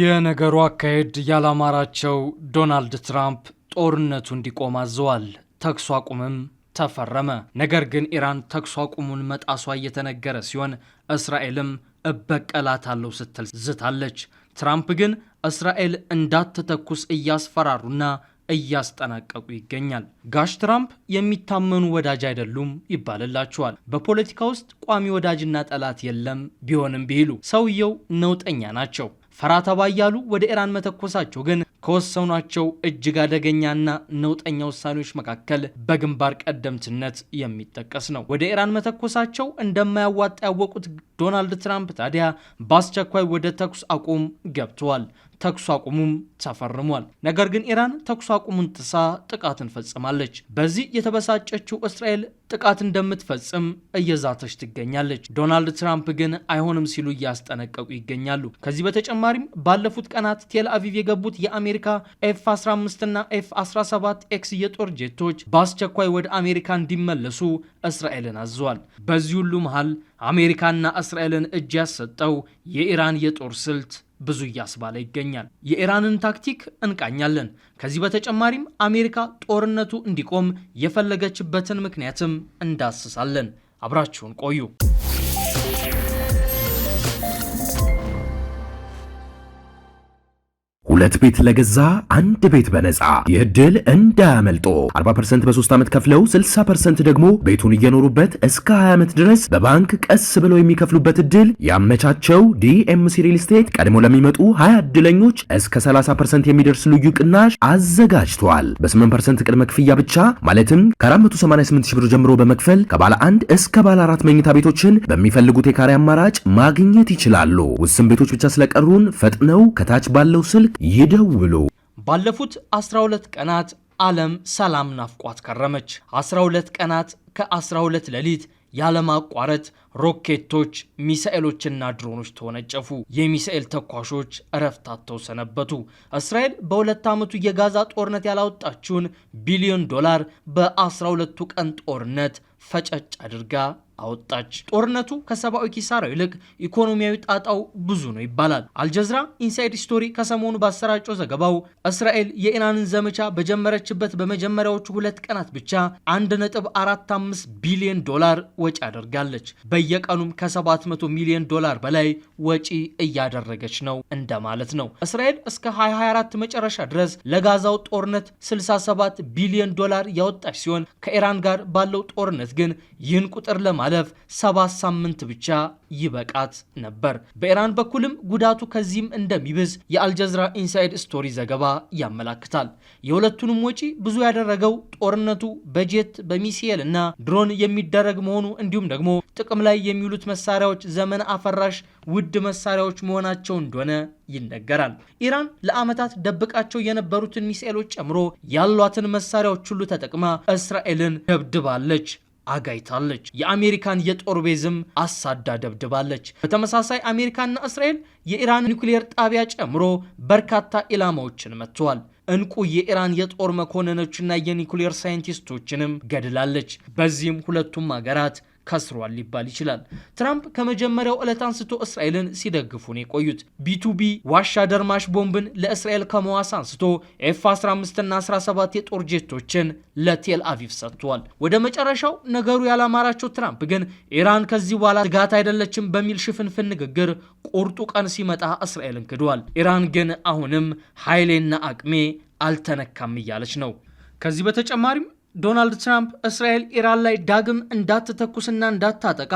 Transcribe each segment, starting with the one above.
የነገሩ አካሄድ ያላማራቸው ዶናልድ ትራምፕ ጦርነቱ እንዲቆም አዘዋል። ተኩስ አቁምም ተፈረመ። ነገር ግን ኢራን ተኩስ አቁሙን መጣሷ እየተነገረ ሲሆን እስራኤልም እበቀላታለሁ ስትል ዝታለች። ትራምፕ ግን እስራኤል እንዳትተኩስ እያስፈራሩና እያስጠናቀቁ ይገኛል። ጋሽ ትራምፕ የሚታመኑ ወዳጅ አይደሉም ይባልላቸዋል። በፖለቲካ ውስጥ ቋሚ ወዳጅና ጠላት የለም ቢሆንም ቢሉ ሰውየው ነውጠኛ ናቸው። ፈራተባ እያሉ ወደ ኢራን መተኮሳቸው ግን ከወሰኗቸው እጅግ አደገኛና ነውጠኛ ውሳኔዎች መካከል በግንባር ቀደምትነት የሚጠቀስ ነው። ወደ ኢራን መተኮሳቸው እንደማያዋጣ ያወቁት ዶናልድ ትራምፕ ታዲያ በአስቸኳይ ወደ ተኩስ አቁም ገብተዋል። ተኩስ አቁሙም ተፈርሟል። ነገር ግን ኢራን ተኩስ አቁሙን ጥሳ ጥቃትን ፈጽማለች። በዚህ የተበሳጨችው እስራኤል ጥቃት እንደምትፈጽም እየዛተች ትገኛለች። ዶናልድ ትራምፕ ግን አይሆንም ሲሉ እያስጠነቀቁ ይገኛሉ። ከዚህ በተጨማሪም ባለፉት ቀናት ቴል አቪቭ የገቡት የአሜሪካ ኤፍ 15 እና ኤፍ 17 ኤክስ የጦር ጄቶች በአስቸኳይ ወደ አሜሪካ እንዲመለሱ እስራኤልን አዘዋል። በዚህ ሁሉ መሃል አሜሪካና እስራኤልን እጅ ያሰጠው የኢራን የጦር ስልት ብዙ እያስባለ ይገኛል። የኢራንን ታክቲክ እንቃኛለን። ከዚህ በተጨማሪም አሜሪካ ጦርነቱ እንዲቆም የፈለገችበትን ምክንያትም እንዳስሳለን። አብራችሁን ቆዩ። ሁለት ቤት ለገዛ አንድ ቤት በነፃ ይህ ዕድል እንዳያመልጦ 40% በ3 ዓመት ከፍለው 60% ደግሞ ቤቱን እየኖሩበት እስከ 20 ዓመት ድረስ በባንክ ቀስ ብለው የሚከፍሉበት እድል ያመቻቸው ዲኤምሲ ሪል ስቴት ቀድሞ ለሚመጡ 20 እድለኞች እስከ 30% የሚደርስ ልዩ ቅናሽ አዘጋጅቷል። በ8% ቅድመ ክፍያ ብቻ ማለትም ከ488 ሺህ ብር ጀምሮ በመክፈል ከባለ አንድ እስከ ባለ አራት መኝታ ቤቶችን በሚፈልጉት የካሬ አማራጭ ማግኘት ይችላሉ። ውስን ቤቶች ብቻ ስለቀሩን ፈጥነው ከታች ባለው ስልክ ይደውሉ። ባለፉት 12 ቀናት ዓለም ሰላም ናፍቋት ከረመች። 12 ቀናት ከ12 ሌሊት ያለማቋረጥ ሮኬቶች፣ ሚሳኤሎችና ድሮኖች ተወነጨፉ። የሚሳኤል ተኳሾች እረፍት አጥተው ሰነበቱ። እስራኤል በሁለት ዓመቱ የጋዛ ጦርነት ያላወጣችውን ቢሊዮን ዶላር በ12ቱ ቀን ጦርነት ፈጨጭ አድርጋ አወጣች። ጦርነቱ ከሰብአዊ ኪሳራው ይልቅ ኢኮኖሚያዊ ጣጣው ብዙ ነው ይባላል። አልጀዝራ ኢንሳይድ ስቶሪ ከሰሞኑ ባሰራጨው ዘገባው እስራኤል የኢራንን ዘመቻ በጀመረችበት በመጀመሪያዎቹ ሁለት ቀናት ብቻ 1.45 ቢሊዮን ዶላር ወጪ አደርጋለች። በየቀኑም ከ700 ሚሊዮን ዶላር በላይ ወጪ እያደረገች ነው እንደማለት ነው። እስራኤል እስከ 2024 መጨረሻ ድረስ ለጋዛው ጦርነት 67 ቢሊዮን ዶላር ያወጣች ሲሆን ከኢራን ጋር ባለው ጦርነት ግን ይህን ቁጥር ለማለት ለማለፍ ሰባት ሳምንት ብቻ ይበቃት ነበር። በኢራን በኩልም ጉዳቱ ከዚህም እንደሚብዝ የአልጀዝራ ኢንሳይድ ስቶሪ ዘገባ ያመላክታል። የሁለቱንም ወጪ ብዙ ያደረገው ጦርነቱ በጄት በሚሳኤል እና ድሮን የሚደረግ መሆኑ እንዲሁም ደግሞ ጥቅም ላይ የሚውሉት መሳሪያዎች ዘመን አፈራሽ ውድ መሳሪያዎች መሆናቸው እንደሆነ ይነገራል። ኢራን ለዓመታት ደብቃቸው የነበሩትን ሚሳኤሎች ጨምሮ ያሏትን መሳሪያዎች ሁሉ ተጠቅማ እስራኤልን ደብድባለች። አጋይታለች። የአሜሪካን የጦር ቤዝም አሳዳ ደብድባለች። በተመሳሳይ አሜሪካና እስራኤል የኢራን ኒውክሌር ጣቢያ ጨምሮ በርካታ ኢላማዎችን መጥተዋል። እንቁ የኢራን የጦር መኮንኖችና የኒውክሌር ሳይንቲስቶችንም ገድላለች። በዚህም ሁለቱም ሀገራት ከስሯል ሊባል ይችላል። ትራምፕ ከመጀመሪያው ዕለት አንስቶ እስራኤልን ሲደግፉ ነው የቆዩት። ቢቱቢ ዋሻ ደርማሽ ቦምብን ለእስራኤል ከመዋስ አንስቶ ኤፍ 15ና 17 የጦር ጄቶችን ለቴል አቪቭ ሰጥቷል። ወደ መጨረሻው ነገሩ ያላማራቸው ትራምፕ ግን ኢራን ከዚህ በኋላ ስጋት አይደለችም በሚል ሽፍንፍን ንግግር ቁርጡ ቀን ሲመጣ እስራኤልን ክዷል። ኢራን ግን አሁንም ኃይሌና አቅሜ አልተነካም እያለች ነው። ከዚህ በተጨማሪም ዶናልድ ትራምፕ እስራኤል ኢራን ላይ ዳግም እንዳትተኩስና እንዳታጠቃ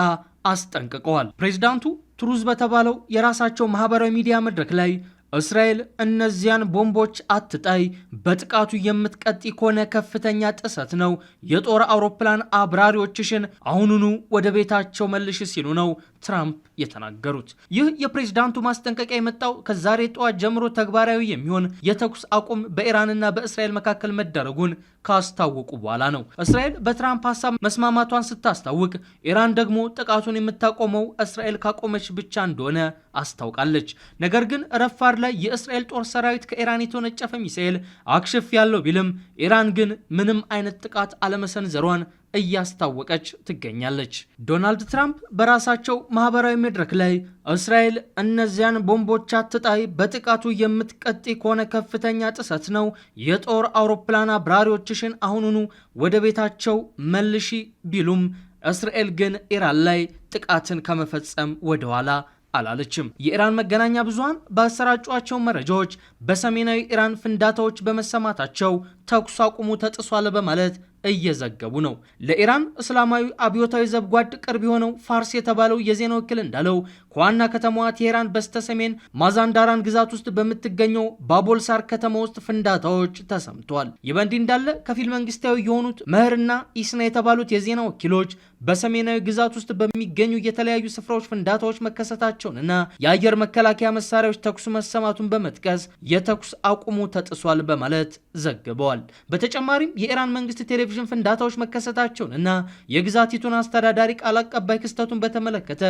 አስጠንቅቀዋል። ፕሬዚዳንቱ ትሩዝ በተባለው የራሳቸው ማህበራዊ ሚዲያ መድረክ ላይ እስራኤል እነዚያን ቦምቦች አትጣይ፣ በጥቃቱ የምትቀጢ ከሆነ ከፍተኛ ጥሰት ነው፣ የጦር አውሮፕላን አብራሪዎችሽን አሁኑኑ ወደ ቤታቸው መልሽ ሲሉ ነው ትራምፕ የተናገሩት። ይህ የፕሬዝዳንቱ ማስጠንቀቂያ የመጣው ከዛሬ ጠዋት ጀምሮ ተግባራዊ የሚሆን የተኩስ አቁም በኢራንና በእስራኤል መካከል መደረጉን ካስታወቁ በኋላ ነው። እስራኤል በትራምፕ ሀሳብ መስማማቷን ስታስታውቅ፣ ኢራን ደግሞ ጥቃቱን የምታቆመው እስራኤል ካቆመች ብቻ እንደሆነ አስታውቃለች። ነገር ግን ረፋድ ላይ የእስራኤል ጦር ሰራዊት ከኢራን የተወነጨፈ ሚሳኤል አክሽፍ ያለው ቢልም ኢራን ግን ምንም አይነት ጥቃት አለመሰንዘሯን እያስታወቀች ትገኛለች። ዶናልድ ትራምፕ በራሳቸው ማህበራዊ መድረክ ላይ እስራኤል እነዚያን ቦምቦች አትጣይ፣ በጥቃቱ የምትቀጥ ከሆነ ከፍተኛ ጥሰት ነው፣ የጦር አውሮፕላን አብራሪዎችሽን አሁኑኑ ወደ ቤታቸው መልሺ ቢሉም እስራኤል ግን ኢራን ላይ ጥቃትን ከመፈጸም ወደኋላ አላለችም። የኢራን መገናኛ ብዙሃን ባሰራጯቸው መረጃዎች በሰሜናዊ ኢራን ፍንዳታዎች በመሰማታቸው ተኩስ አቁሙ ተጥሷል በማለት እየዘገቡ ነው። ለኢራን እስላማዊ አብዮታዊ ዘብጓድ ቅርብ የሆነው ፋርስ የተባለው የዜና ወኪል እንዳለው ከዋና ከተማዋ ቴሄራን በስተሰሜን ማዛንዳራን ግዛት ውስጥ በምትገኘው ባቦልሳር ከተማ ውስጥ ፍንዳታዎች ተሰምተዋል። ይህ በእንዲህ እንዳለ ከፊል መንግስታዊ የሆኑት መህርና ኢስና የተባሉት የዜና ወኪሎች በሰሜናዊ ግዛት ውስጥ በሚገኙ የተለያዩ ስፍራዎች ፍንዳታዎች መከሰታቸውንና የአየር መከላከያ መሳሪያዎች ተኩስ መሰማቱን በመጥቀስ የተኩስ አቁሙ ተጥሷል በማለት ዘግበዋል። በተጨማሪም የኢራን መንግስት ቴሌቪዥን የቴሌቪዥን ፍንዳታዎች መከሰታቸውን እና የግዛቲቱን አስተዳዳሪ ቃል አቀባይ ክስተቱን በተመለከተ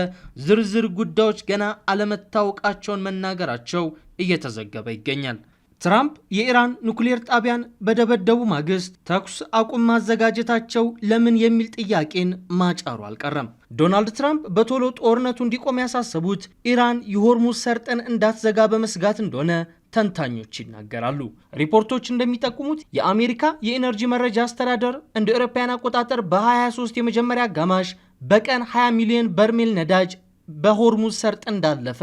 ዝርዝር ጉዳዮች ገና አለመታወቃቸውን መናገራቸው እየተዘገበ ይገኛል። ትራምፕ የኢራን ኑክሌር ጣቢያን በደበደቡ ማግስት ተኩስ አቁም ማዘጋጀታቸው ለምን የሚል ጥያቄን ማጫሩ አልቀረም። ዶናልድ ትራምፕ በቶሎ ጦርነቱ እንዲቆም ያሳሰቡት ኢራን የሆርሙዝ ሰርጥን እንዳትዘጋ በመስጋት እንደሆነ ተንታኞች ይናገራሉ። ሪፖርቶች እንደሚጠቁሙት የአሜሪካ የኤነርጂ መረጃ አስተዳደር እንደ አውሮፓውያን አቆጣጠር በ 23 የመጀመሪያ አጋማሽ በቀን 20 ሚሊዮን በርሜል ነዳጅ በሆርሙዝ ሰርጥ እንዳለፈ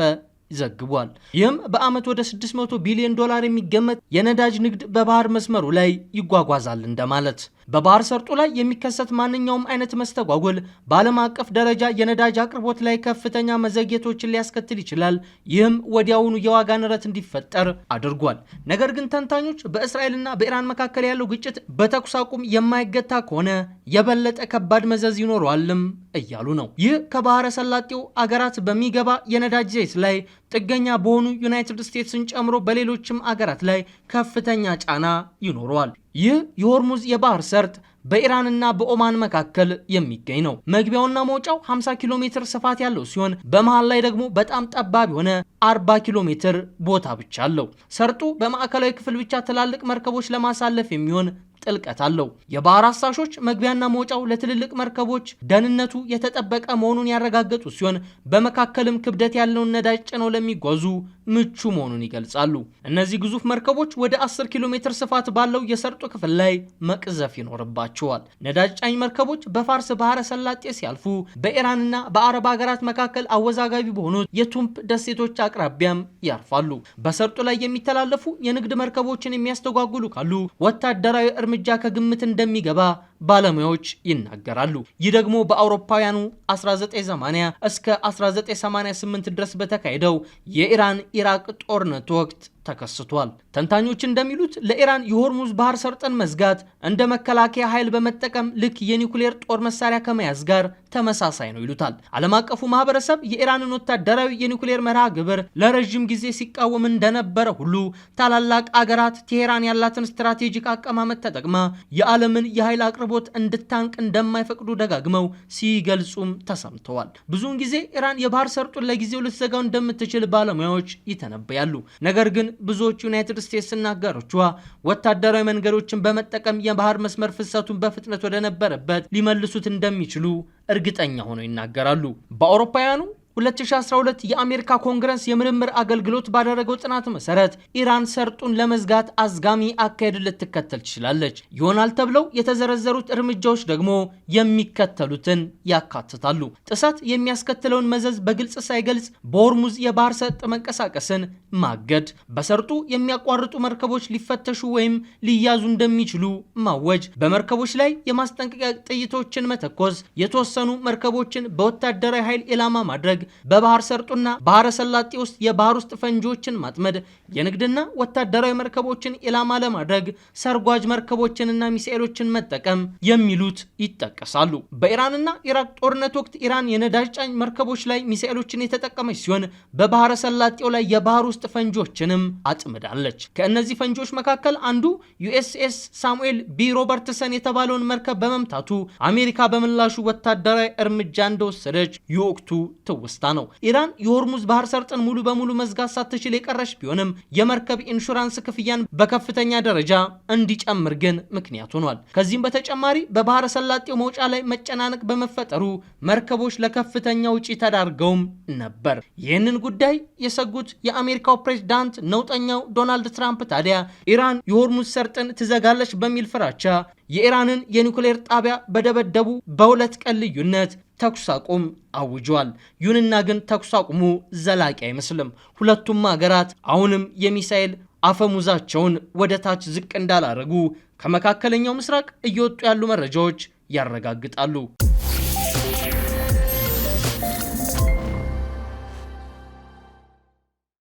ዘግቧል። ይህም በዓመት ወደ 600 ቢሊዮን ዶላር የሚገመት የነዳጅ ንግድ በባህር መስመሩ ላይ ይጓጓዛል እንደማለት በባህር ሰርጡ ላይ የሚከሰት ማንኛውም አይነት መስተጓጎል በዓለም አቀፍ ደረጃ የነዳጅ አቅርቦት ላይ ከፍተኛ መዘግየቶችን ሊያስከትል ይችላል። ይህም ወዲያውኑ የዋጋ ንረት እንዲፈጠር አድርጓል። ነገር ግን ተንታኞች በእስራኤልና በኢራን መካከል ያለው ግጭት በተኩስ አቁም የማይገታ ከሆነ የበለጠ ከባድ መዘዝ ይኖረዋልም እያሉ ነው። ይህ ከባህረ ሰላጤው አገራት በሚገባ የነዳጅ ዘይት ላይ ጥገኛ በሆኑ ዩናይትድ ስቴትስን ጨምሮ በሌሎችም አገራት ላይ ከፍተኛ ጫና ይኖረዋል። ይህ የሆርሙዝ የባህር ሰርጥ በኢራንና በኦማን መካከል የሚገኝ ነው። መግቢያውና መውጫው 50 ኪሎ ሜትር ስፋት ያለው ሲሆን በመሃል ላይ ደግሞ በጣም ጠባብ የሆነ 40 ኪሎ ሜትር ቦታ ብቻ አለው። ሰርጡ በማዕከላዊ ክፍል ብቻ ትላልቅ መርከቦች ለማሳለፍ የሚሆን ጥልቀት አለው። የባህር አሳሾች መግቢያና መውጫው ለትልልቅ መርከቦች ደህንነቱ የተጠበቀ መሆኑን ያረጋገጡ ሲሆን በመካከልም ክብደት ያለውን ነዳጅ ጭነው ለሚጓዙ ምቹ መሆኑን ይገልጻሉ። እነዚህ ግዙፍ መርከቦች ወደ 10 ኪሎ ሜትር ስፋት ባለው የሰርጡ ክፍል ላይ መቅዘፍ ይኖርባቸዋል። ነዳጅ ጫኝ መርከቦች በፋርስ ባህረ ሰላጤ ሲያልፉ በኢራንና በአረብ ሀገራት መካከል አወዛጋቢ በሆኑት የቱምፕ ደሴቶች አቅራቢያም ያርፋሉ። በሰርጡ ላይ የሚተላለፉ የንግድ መርከቦችን የሚያስተጓጉሉ ካሉ ወታደራዊ እርምጃ ከግምት እንደሚገባ ባለሙያዎች ይናገራሉ። ይህ ደግሞ በአውሮፓውያኑ 1980 እስከ 1988 ድረስ በተካሄደው የኢራን የኢራቅ ጦርነት ወቅት ተከስቷል። ተንታኞች እንደሚሉት ለኢራን የሆርሙዝ ባህር ሰርጥን መዝጋት እንደ መከላከያ ኃይል በመጠቀም ልክ የኒውክሌር ጦር መሳሪያ ከመያዝ ጋር ተመሳሳይ ነው ይሉታል። ዓለም አቀፉ ማህበረሰብ የኢራንን ወታደራዊ የኒውክሌር መርሃ ግብር ለረዥም ጊዜ ሲቃወም እንደነበረ ሁሉ ታላላቅ አገራት ቴሄራን ያላትን ስትራቴጂክ አቀማመጥ ተጠቅማ የዓለምን የኃይል አቅርቦት እንድታንቅ እንደማይፈቅዱ ደጋግመው ሲገልጹም ተሰምተዋል። ብዙውን ጊዜ ኢራን የባህር ሰርጡን ለጊዜው ልትዘጋው እንደምትችል ባለሙያዎች ይተነብያሉ። ነገር ግን ብዙዎቹ ዩናይትድ ስቴትስና አጋሮቿ ወታደራዊ መንገዶችን በመጠቀም የባህር መስመር ፍሰቱን በፍጥነት ወደነበረበት ሊመልሱት እንደሚችሉ እርግጠኛ ሆነው ይናገራሉ። በአውሮፓውያኑ 2012 የአሜሪካ ኮንግረስ የምርምር አገልግሎት ባደረገው ጥናት መሰረት ኢራን ሰርጡን ለመዝጋት አዝጋሚ አካሄድ ልትከተል ትችላለች። ይሆናል ተብለው የተዘረዘሩት እርምጃዎች ደግሞ የሚከተሉትን ያካትታሉ። ጥሰት የሚያስከትለውን መዘዝ በግልጽ ሳይገልጽ በሆርሙዝ የባህር ሰርጥ መንቀሳቀስን ማገድ፣ በሰርጡ የሚያቋርጡ መርከቦች ሊፈተሹ ወይም ሊያዙ እንደሚችሉ ማወጅ፣ በመርከቦች ላይ የማስጠንቀቂያ ጥይቶችን መተኮስ፣ የተወሰኑ መርከቦችን በወታደራዊ ኃይል ኢላማ ማድረግ በባህር ሰርጡና ባህረ ሰላጤ ውስጥ የባህር ውስጥ ፈንጂዎችን ማጥመድ፣ የንግድና ወታደራዊ መርከቦችን ኢላማ ለማድረግ ሰርጓጅ መርከቦችንና ሚሳኤሎችን መጠቀም የሚሉት ይጠቀሳሉ። በኢራንና ኢራቅ ጦርነት ወቅት ኢራን የነዳጅ ጫኝ መርከቦች ላይ ሚሳኤሎችን የተጠቀመች ሲሆን በባህረ ሰላጤው ላይ የባህር ውስጥ ፈንጂዎችንም አጥምዳለች። ከእነዚህ ፈንጂዎች መካከል አንዱ ዩኤስኤስ ሳሙኤል ቢ ሮበርትሰን የተባለውን መርከብ በመምታቱ አሜሪካ በምላሹ ወታደራዊ እርምጃ እንደወሰደች የወቅቱ ትውስ ተነስታ ነው። ኢራን የሆርሙዝ ባህር ሰርጥን ሙሉ በሙሉ መዝጋት ሳትችል የቀረች ቢሆንም የመርከብ ኢንሹራንስ ክፍያን በከፍተኛ ደረጃ እንዲጨምር ግን ምክንያት ሆኗል። ከዚህም በተጨማሪ በባህረ ሰላጤው መውጫ ላይ መጨናነቅ በመፈጠሩ መርከቦች ለከፍተኛ ውጪ ተዳርገውም ነበር። ይህንን ጉዳይ የሰጉት የአሜሪካው ፕሬዝዳንት ነውጠኛው ዶናልድ ትራምፕ ታዲያ ኢራን የሆርሙዝ ሰርጥን ትዘጋለች በሚል ፍራቻ የኢራንን የኒውክሌር ጣቢያ በደበደቡ በሁለት ቀን ልዩነት ተኩስ አቁም አውጇል። ይሁንና ግን ተኩስ አቁሙ ዘላቂ አይመስልም። ሁለቱም ሀገራት አሁንም የሚሳኤል አፈሙዛቸውን ወደ ታች ዝቅ እንዳላረጉ ከመካከለኛው ምስራቅ እየወጡ ያሉ መረጃዎች ያረጋግጣሉ።